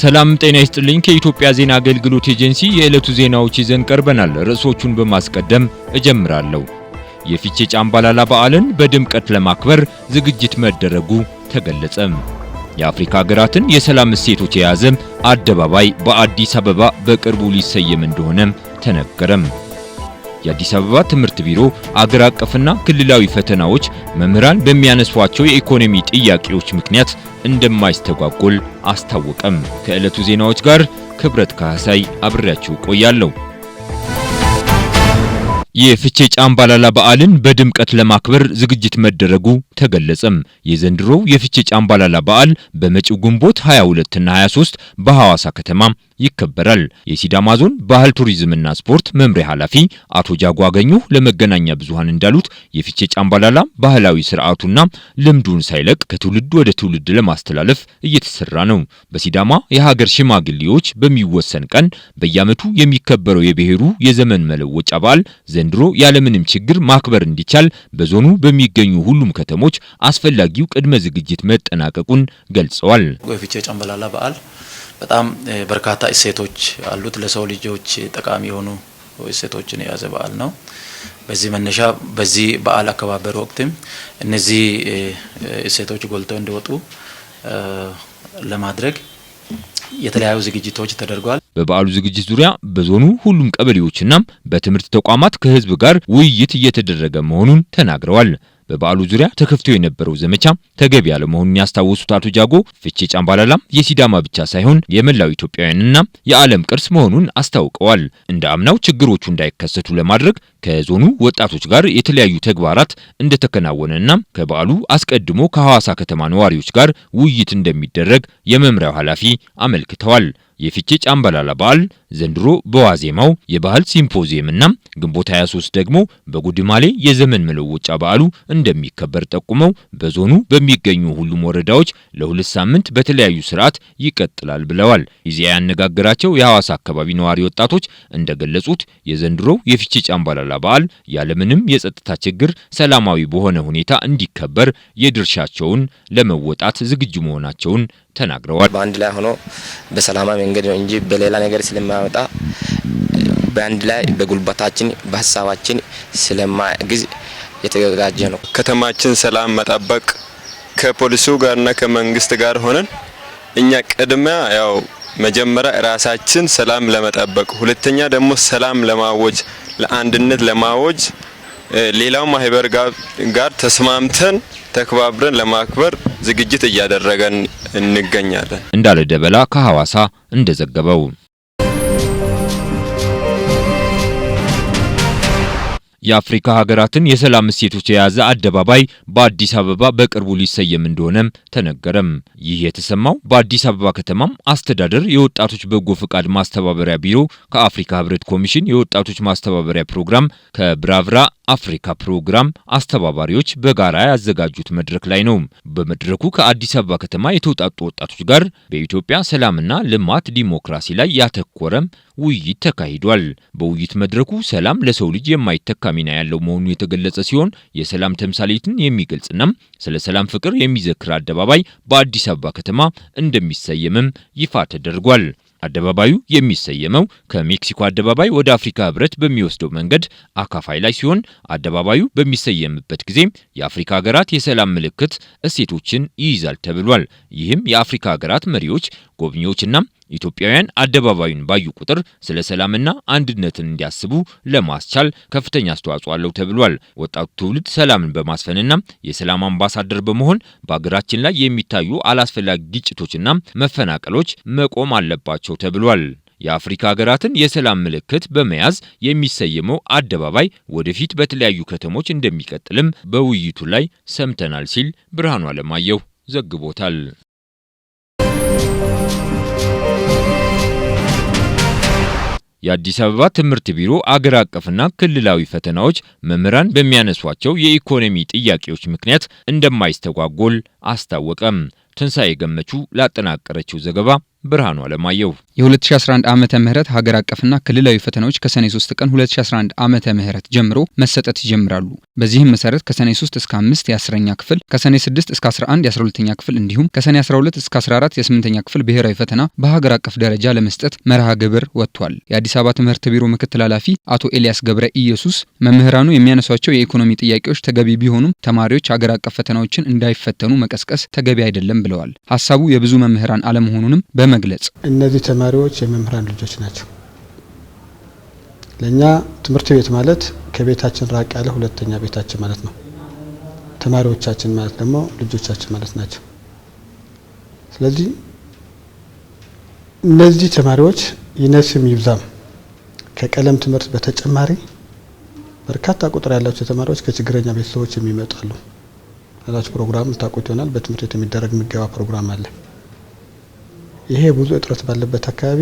ሰላም ጤና ይስጥልኝ። ከኢትዮጵያ ዜና አገልግሎት ኤጀንሲ የዕለቱ ዜናዎች ይዘን ቀርበናል። ርዕሶቹን በማስቀደም እጀምራለሁ። የፊቼ ጫምባላላ በዓልን በድምቀት ለማክበር ዝግጅት መደረጉ ተገለጸ። የአፍሪካ ሀገራትን የሰላም እሴቶች የያዘ አደባባይ በአዲስ አበባ በቅርቡ ሊሰየም እንደሆነ ተነገረም። የአዲስ አበባ ትምህርት ቢሮ አገር አቀፍና ክልላዊ ፈተናዎች መምህራን በሚያነሷቸው የኢኮኖሚ ጥያቄዎች ምክንያት እንደማይስተጓጎል አስታወቀም። ከዕለቱ ዜናዎች ጋር ክብረት ካህሳይ አብሬያችሁ ቆያለሁ። የፍቼ ጫምባላላ በዓልን በድምቀት ለማክበር ዝግጅት መደረጉ ተገለጸም። የዘንድሮው የፍቼ ጫምባላላ በዓል በመጪው ግንቦት 22ና 23 በሐዋሳ ከተማ ይከበራል። የሲዳማ ዞን ባህል ቱሪዝምና ስፖርት መምሪያ ኃላፊ አቶ ጃጎ አገኙ ለመገናኛ ብዙሃን እንዳሉት የፊቼ ጫምባላላ ባህላዊ ስርዓቱና ልምዱን ሳይለቅ ከትውልድ ወደ ትውልድ ለማስተላለፍ እየተሰራ ነው። በሲዳማ የሀገር ሽማግሌዎች በሚወሰን ቀን በየዓመቱ የሚከበረው የብሔሩ የዘመን መለወጫ በዓል ዘንድሮ ያለምንም ችግር ማክበር እንዲቻል በዞኑ በሚገኙ ሁሉም ከተሞች አስፈላጊው ቅድመ ዝግጅት መጠናቀቁን ገልጸዋል። የፊቼ ጫምባላላ በዓል በጣም በርካታ እሴቶች አሉት። ለሰው ልጆች ጠቃሚ የሆኑ እሴቶችን የያዘ በዓል ነው። በዚህ መነሻ በዚህ በዓል አከባበር ወቅትም እነዚህ እሴቶች ጎልተው እንዲወጡ ለማድረግ የተለያዩ ዝግጅቶች ተደርጓል። በበዓሉ ዝግጅት ዙሪያ በዞኑ ሁሉም ቀበሌዎችና በትምህርት ተቋማት ከህዝብ ጋር ውይይት እየተደረገ መሆኑን ተናግረዋል። በበዓሉ ዙሪያ ተከፍቶ የነበረው ዘመቻ ተገቢ ያለመሆኑን ያስታወሱት አቶ ጃጎ ፍቼ ጫምባላላም የሲዳማ ብቻ ሳይሆን የመላው ኢትዮጵያውያንና የዓለም ቅርስ መሆኑን አስታውቀዋል። እንደ አምናው ችግሮቹ እንዳይከሰቱ ለማድረግ ከዞኑ ወጣቶች ጋር የተለያዩ ተግባራት እንደተከናወነና ከበዓሉ አስቀድሞ ከሐዋሳ ከተማ ነዋሪዎች ጋር ውይይት እንደሚደረግ የመምሪያው ኃላፊ አመልክተዋል። የፍቼ ጫምባላላ በዓል ዘንድሮ በዋዜማው የባህል ሲምፖዚየምና ግንቦት 23 ደግሞ በጉድማሌ የዘመን መለወጫ በዓሉ እንደሚከበር ጠቁመው በዞኑ በሚገኙ ሁሉም ወረዳዎች ለሁለት ሳምንት በተለያዩ ስርዓት ይቀጥላል ብለዋል። ይዚያ ያነጋገራቸው የሐዋሳ አካባቢ ነዋሪ ወጣቶች እንደገለጹት የዘንድሮው የፊቼ ጫምባላላ በዓል ያለምንም የጸጥታ ችግር ሰላማዊ በሆነ ሁኔታ እንዲከበር የድርሻቸውን ለመወጣት ዝግጁ መሆናቸውን ተናግረዋል። በአንድ ላይ ሆኖ በሰላማዊ መንገድ ነው እንጂ በሌላ ነገር ስለማ ስለማያመጣ በአንድ ላይ በጉልበታችን በሀሳባችን ስለማግዝ የተዘጋጀ ነው። ከተማችን ሰላም መጠበቅ ከፖሊሱ ጋርና ከመንግስት ጋር ሆነን እኛ ቅድሚያ ያው መጀመሪያ ራሳችን ሰላም ለመጠበቅ፣ ሁለተኛ ደግሞ ሰላም ለማወጅ ለአንድነት ለማወጅ ሌላው ማህበር ጋር ተስማምተን ተከባብረን ለማክበር ዝግጅት እያደረገን እንገኛለን። እንዳለ ደበላ ከሐዋሳ እንደዘገበው የአፍሪካ ሀገራትን የሰላም እሴቶች የያዘ አደባባይ በአዲስ አበባ በቅርቡ ሊሰየም እንደሆነም ተነገረም። ይህ የተሰማው በአዲስ አበባ ከተማም አስተዳደር የወጣቶች በጎ ፈቃድ ማስተባበሪያ ቢሮ ከአፍሪካ ህብረት ኮሚሽን የወጣቶች ማስተባበሪያ ፕሮግራም ከብራብራ አፍሪካ ፕሮግራም አስተባባሪዎች በጋራ ያዘጋጁት መድረክ ላይ ነው። በመድረኩ ከአዲስ አበባ ከተማ የተውጣጡ ወጣቶች ጋር በኢትዮጵያ ሰላምና ልማት ዲሞክራሲ ላይ ያተኮረም ውይይት ተካሂዷል። በውይይት መድረኩ ሰላም ለሰው ልጅ የማይተካ ሚና ያለው መሆኑ የተገለጸ ሲሆን የሰላም ተምሳሌትን የሚገልጽና ስለ ሰላም ፍቅር የሚዘክር አደባባይ በአዲስ አበባ ከተማ እንደሚሰየምም ይፋ ተደርጓል። አደባባዩ የሚሰየመው ከሜክሲኮ አደባባይ ወደ አፍሪካ ህብረት በሚወስደው መንገድ አካፋይ ላይ ሲሆን አደባባዩ በሚሰየምበት ጊዜ የአፍሪካ ሀገራት የሰላም ምልክት እሴቶችን ይይዛል ተብሏል። ይህም የአፍሪካ ሀገራት መሪዎች፣ ጎብኚዎችና ኢትዮጵያውያን አደባባዩን ባዩ ቁጥር ስለ ሰላምና አንድነትን እንዲያስቡ ለማስቻል ከፍተኛ አስተዋጽኦ አለው ተብሏል። ወጣቱ ትውልድ ሰላምን በማስፈንና የሰላም አምባሳደር በመሆን በሀገራችን ላይ የሚታዩ አላስፈላጊ ግጭቶችና መፈናቀሎች መቆም አለባቸው ተብሏል። የአፍሪካ ሀገራትን የሰላም ምልክት በመያዝ የሚሰየመው አደባባይ ወደፊት በተለያዩ ከተሞች እንደሚቀጥልም በውይይቱ ላይ ሰምተናል ሲል ብርሃኑ አለማየሁ ዘግቦታል። የአዲስ አበባ ትምህርት ቢሮ አገር አቀፍና ክልላዊ ፈተናዎች መምህራን በሚያነሷቸው የኢኮኖሚ ጥያቄዎች ምክንያት እንደማይስተጓጎል አስታወቀም። ትንሣኤ ገመቹ ላጠናቀረችው ዘገባ ብርሃኑ አለማየሁ የ2011 ዓመተ ምህረት ሀገር አቀፍና ክልላዊ ፈተናዎች ከሰኔ 3 ቀን 2011 ዓመተ ምህረት ጀምሮ መሰጠት ይጀምራሉ። በዚህም መሰረት ከሰኔ 3 እስከ 5 የ10ኛ ክፍል፣ ከሰኔ 6 እስከ 11 የ12ኛ ክፍል እንዲሁም ከሰኔ 12 እስከ 14 የ8ኛ ክፍል ብሔራዊ ፈተና በሀገር አቀፍ ደረጃ ለመስጠት መርሃ ግብር ወጥቷል። የአዲስ አበባ ትምህርት ቢሮ ምክትል ኃላፊ አቶ ኤልያስ ገብረ ኢየሱስ መምህራኑ የሚያነሷቸው የኢኮኖሚ ጥያቄዎች ተገቢ ቢሆኑም ተማሪዎች ሀገር አቀፍ ፈተናዎችን እንዳይፈተኑ መቀስቀስ ተገቢ አይደለም ብለዋል። ሀሳቡ የብዙ መምህራን አለመሆኑንም በመግለጽ እነዚህ ተማሪዎች የመምህራን ልጆች ናቸው። ለእኛ ትምህርት ቤት ማለት ከቤታችን ራቅ ያለ ሁለተኛ ቤታችን ማለት ነው። ተማሪዎቻችን ማለት ደግሞ ልጆቻችን ማለት ናቸው። ስለዚህ እነዚህ ተማሪዎች ይነስም ይብዛም ከቀለም ትምህርት በተጨማሪ በርካታ ቁጥር ያላቸው ተማሪዎች ከችግረኛ ቤተሰቦች የሚመጣሉ። ሌሎች ፕሮግራም ታውቁት ይሆናል። በትምህርት ቤት የሚደረግ ምገባ ፕሮግራም አለ። ይሄ ብዙ እጥረት ባለበት አካባቢ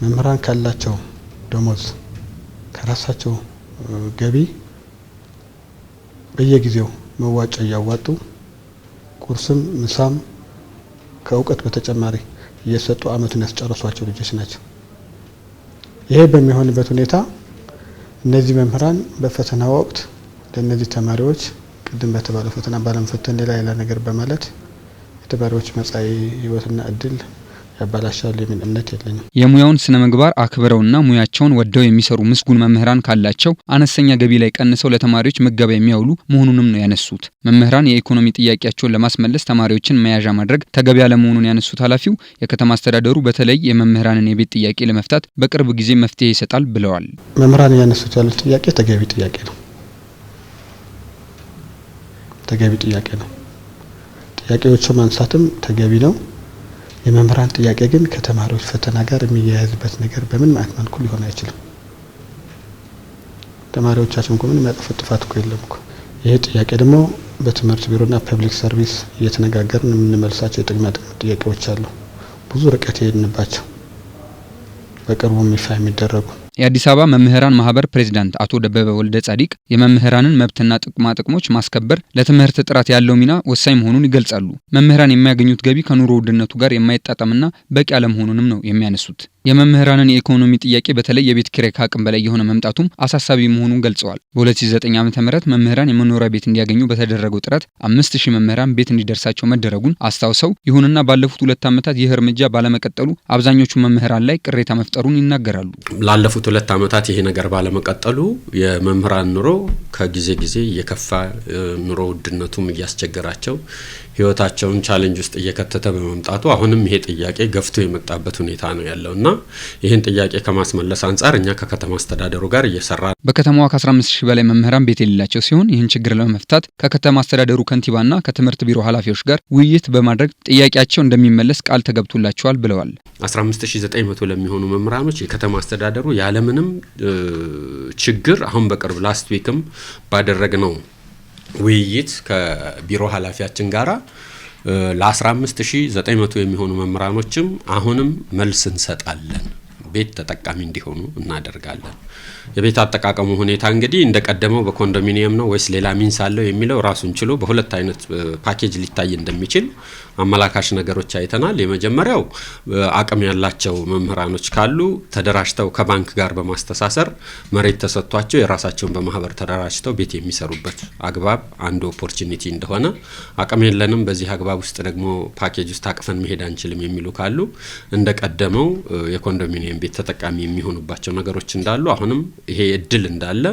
መምህራን ካላቸው ደሞዝ ከራሳቸው ገቢ በየጊዜው መዋጮ እያዋጡ ቁርስም ምሳም ከእውቀት በተጨማሪ እየሰጡ አመቱን ያስጨረሷቸው ልጆች ናቸው። ይሄ በሚሆንበት ሁኔታ እነዚህ መምህራን በፈተና ወቅት ለእነዚህ ተማሪዎች ቅድም በተባለው ፈተና ባለመፈተን ሌላ ሌላ ነገር በማለት ተማሪዎች መጻኢ ህይወትና እድል ያበላሻሉ የሚል እምነት የለኝም። የሙያውን ስነ ምግባር አክብረውና ሙያቸውን ወደው የሚሰሩ ምስጉን መምህራን ካላቸው አነስተኛ ገቢ ላይ ቀንሰው ለተማሪዎች ምገባ የሚያውሉ መሆኑንም ነው ያነሱት። መምህራን የኢኮኖሚ ጥያቄያቸውን ለማስመለስ ተማሪዎችን መያዣ ማድረግ ተገቢ አለመሆኑን ያነሱት ኃላፊው፣ የከተማ አስተዳደሩ በተለይ የመምህራንን የቤት ጥያቄ ለመፍታት በቅርብ ጊዜ መፍትሄ ይሰጣል ብለዋል። መምህራን ያነሱት ያሉት ጥያቄ ተገቢ ጥያቄ ነው ተገቢ ጥያቄ ነው። ጥያቄዎቹ ማንሳትም ተገቢ ነው። የመምህራን ጥያቄ ግን ከተማሪዎች ፈተና ጋር የሚያያዝበት ነገር በምን ማየት መልኩ ሊሆን አይችልም። ተማሪዎቻችን እኮ ምንም ያጠፉት ጥፋት እኮ የለም እኮ። ይሄ ጥያቄ ደግሞ በትምህርት ቢሮና ፐብሊክ ሰርቪስ እየተነጋገርን የምንመልሳቸው የጥቅማ ጥቅም ጥያቄዎች አሉ። ብዙ ርቀት የሄድንባቸው በቅርቡ ይፋ የሚደረጉ የአዲስ አበባ መምህራን ማህበር ፕሬዚዳንት አቶ ደበበ ወልደ ጻዲቅ የመምህራንን መብትና ጥቅማ ጥቅሞች ማስከበር ለትምህርት ጥራት ያለው ሚና ወሳኝ መሆኑን ይገልጻሉ። መምህራን የሚያገኙት ገቢ ከኑሮ ውድነቱ ጋር የማይጣጣምና በቂ አለመሆኑንም ነው የሚያነሱት። የመምህራንን የኢኮኖሚ ጥያቄ በተለይ የቤት ኪራይ ከአቅም በላይ የሆነ መምጣቱም አሳሳቢ መሆኑን ገልጸዋል። በ2009 ዓ ም መምህራን የመኖሪያ ቤት እንዲያገኙ በተደረገው ጥረት 5000 መምህራን ቤት እንዲደርሳቸው መደረጉን አስታውሰው ይሁንና ባለፉት ሁለት ዓመታት ይህ እርምጃ ባለመቀጠሉ አብዛኞቹ መምህራን ላይ ቅሬታ መፍጠሩን ይናገራሉ። ላለፉት ሁለት ዓመታት ይሄ ነገር ባለመቀጠሉ የመምህራን ኑሮ ከጊዜ ጊዜ እየከፋ ኑሮ ውድነቱም እያስቸገራቸው ህይወታቸውን ቻሌንጅ ውስጥ እየከተተ በመምጣቱ አሁንም ይሄ ጥያቄ ገፍቶ የመጣበት ሁኔታ ነው ያለው እና ይህን ጥያቄ ከማስመለስ አንጻር እኛ ከከተማ አስተዳደሩ ጋር እየሰራ በከተማዋ ከ15 ሺህ በላይ መምህራን ቤት የሌላቸው ሲሆን ይህን ችግር ለመፍታት ከከተማ አስተዳደሩ ከንቲባና ከትምህርት ቢሮ ኃላፊዎች ጋር ውይይት በማድረግ ጥያቄያቸው እንደሚመለስ ቃል ተገብቶላቸዋል ብለዋል። 15900 ለሚሆኑ መምህራኖች የከተማ አስተዳደሩ ያለምንም ችግር አሁን በቅርብ ላስት ዊክም ባደረግነው ውይይት ከቢሮ ኃላፊያችን ጋራ ለ15900 የሚሆኑ መምህራኖችም አሁንም መልስ እንሰጣለን። ቤት ተጠቃሚ እንዲሆኑ እናደርጋለን። የቤት አጠቃቀሙ ሁኔታ እንግዲህ እንደቀደመው በኮንዶሚኒየም ነው ወይስ ሌላ ሚንስ አለው የሚለው ራሱን ችሎ በሁለት አይነት ፓኬጅ ሊታይ እንደሚችል አመላካሽ ነገሮች አይተናል። የመጀመሪያው አቅም ያላቸው መምህራኖች ካሉ ተደራጅተው ከባንክ ጋር በማስተሳሰር መሬት ተሰጥቷቸው የራሳቸውን በማህበር ተደራጅተው ቤት የሚሰሩበት አግባብ አንዱ ኦፖርቹኒቲ እንደሆነ፣ አቅም የለንም በዚህ አግባብ ውስጥ ደግሞ ፓኬጅ ውስጥ አቅፈን መሄድ አንችልም የሚሉ ካሉ እንደቀደመው የኮንዶሚኒየም ቤት ተጠቃሚ የሚሆኑባቸው ነገሮች እንዳሉ አሁንም ይሄ እድል እንዳለ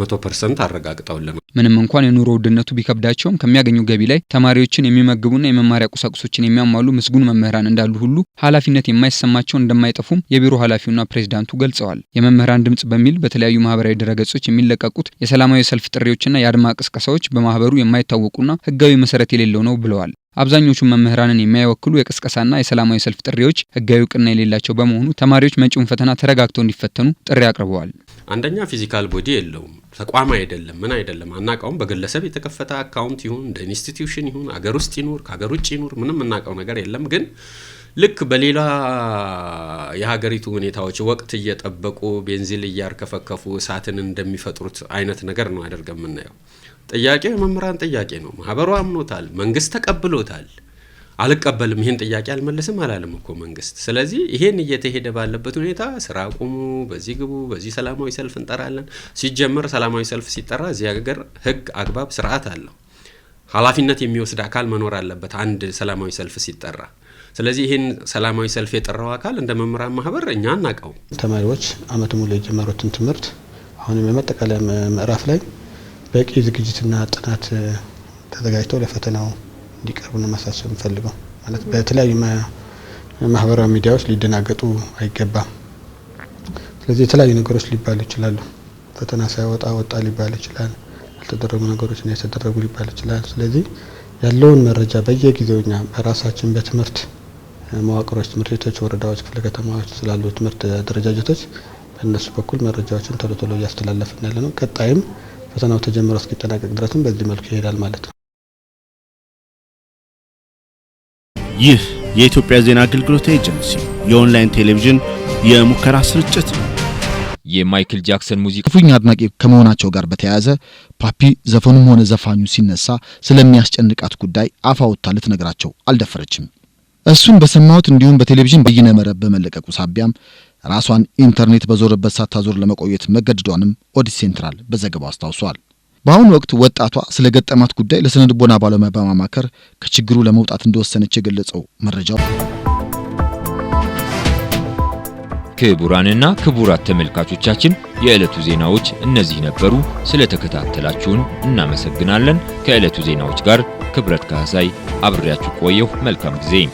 መቶ ፐርሰንት አረጋግጠውልን ምንም እንኳን የኑሮ ውድነቱ ቢከብዳቸውም ከሚያገኙ ገቢ ላይ ተማሪዎችን የሚመግቡና የመማሪያ ቁሳቁሶችን የሚያሟሉ ምስጉን መምህራን እንዳሉ ሁሉ ኃላፊነት የማይሰማቸው እንደማይጠፉም የቢሮ ኃላፊውና ፕሬዚዳንቱ ገልጸዋል። የመምህራን ድምጽ በሚል በተለያዩ ማህበራዊ ድረገጾች የሚለቀቁት የሰላማዊ ሰልፍ ጥሪዎችና የአድማ ቅስቀሳዎች በማህበሩ የማይታወቁና ህጋዊ መሰረት የሌለው ነው ብለዋል። አብዛኞቹ መምህራንን የማይወክሉ የቅስቀሳና የሰላማዊ ሰልፍ ጥሪዎች ህጋዊ እውቅና የሌላቸው በመሆኑ ተማሪዎች መጪውን ፈተና ተረጋግተው እንዲፈተኑ ጥሪ አቅርበዋል። አንደኛ ፊዚካል ቦዲ የለውም፣ ተቋም አይደለም፣ ምን አይደለም፣ አናቀውም በግለሰብ የተከፈተ አካውንት ይሁን እንደ ኢንስቲትዩሽን ይሁን አገር ውስጥ ይኑር ከሀገር ውጭ ይኑር ምንም እናቀው ነገር የለም ግን ልክ በሌላ የሀገሪቱ ሁኔታዎች ወቅት እየጠበቁ ቤንዚል እያርከፈከፉ እሳትን እንደሚፈጥሩት አይነት ነገር ነው አደርገ የምናየው። ጥያቄው የመምህራን ጥያቄ ነው። ማህበሩ አምኖታል፣ መንግስት ተቀብሎታል። አልቀበልም ይህን ጥያቄ አልመለስም አላለም እኮ መንግስት። ስለዚህ ይሄን እየተሄደ ባለበት ሁኔታ ስራ አቁሙ፣ በዚህ ግቡ፣ በዚህ ሰላማዊ ሰልፍ እንጠራለን። ሲጀመር ሰላማዊ ሰልፍ ሲጠራ እዚህ ሀገር ህግ፣ አግባብ፣ ስርዓት አለው። ኃላፊነት የሚወስድ አካል መኖር አለበት። አንድ ሰላማዊ ሰልፍ ሲጠራ ስለዚህ ይህን ሰላማዊ ሰልፍ የጠራው አካል እንደ መምህራን ማህበር እኛ አናቀው። ተማሪዎች አመት ሙሉ የጀመሩትን ትምህርት አሁንም የመጠቃለያ ምዕራፍ ላይ በቂ ዝግጅትና ጥናት ተዘጋጅተው ለፈተናው እንዲቀርቡ ነው ማሳሰብ የምፈልገው። ማለት በተለያዩ ማህበራዊ ሚዲያዎች ሊደናገጡ አይገባም። ስለዚህ የተለያዩ ነገሮች ሊባሉ ይችላሉ። ፈተና ሳይወጣ ወጣ ሊባል ይችላል። ያልተደረጉ ነገሮች እና የተደረጉ ሊባል ይችላል። ስለዚህ ያለውን መረጃ በየጊዜው እኛ በራሳችን በትምህርት መዋቅሮች፣ ትምህርት ቤቶች፣ ወረዳዎች፣ ክፍለ ከተማዎች ስላሉ ትምህርት አደረጃጀቶች በእነሱ በኩል መረጃዎችን ቶሎ ቶሎ እያስተላለፍን ያለ ነው። ቀጣይም ፈተናው ተጀምሮ እስኪጠናቀቅ ድረስም በዚህ መልኩ ይሄዳል ማለት ነው። ይህ የኢትዮጵያ ዜና አገልግሎት ኤጀንሲ የኦንላይን ቴሌቪዥን የሙከራ ስርጭት ነው። የማይክል ጃክሰን ሙዚቃ ክፉኛ አድናቂ ከመሆናቸው ጋር በተያያዘ ፓፒ ዘፈኑም ሆነ ዘፋኙ ሲነሳ ስለሚያስጨንቃት ጉዳይ አፋ ወጥታ ልትነግራቸው አልደፈረችም። እሱን በሰማሁት እንዲሁም በቴሌቪዥን በይነ መረብ በመለቀቁ ሳቢያም ራሷን ኢንተርኔት በዞረበት ሳታዞር ለመቆየት መገደዷንም ኦዲስ ሴንትራል በዘገባው አስታውሷል። በአሁኑ ወቅት ወጣቷ ስለ ገጠማት ጉዳይ ለስነ ልቦና ባለሙያ በማማከር ከችግሩ ለመውጣት እንደወሰነች የገለጸው መረጃው። ክቡራንና ክቡራት ተመልካቾቻችን የዕለቱ ዜናዎች እነዚህ ነበሩ። ስለተከታተላችሁን እናመሰግናለን። ከዕለቱ ዜናዎች ጋር ክብረት ካህሳይ አብሬያችሁ ቆየሁ። መልካም ጊዜ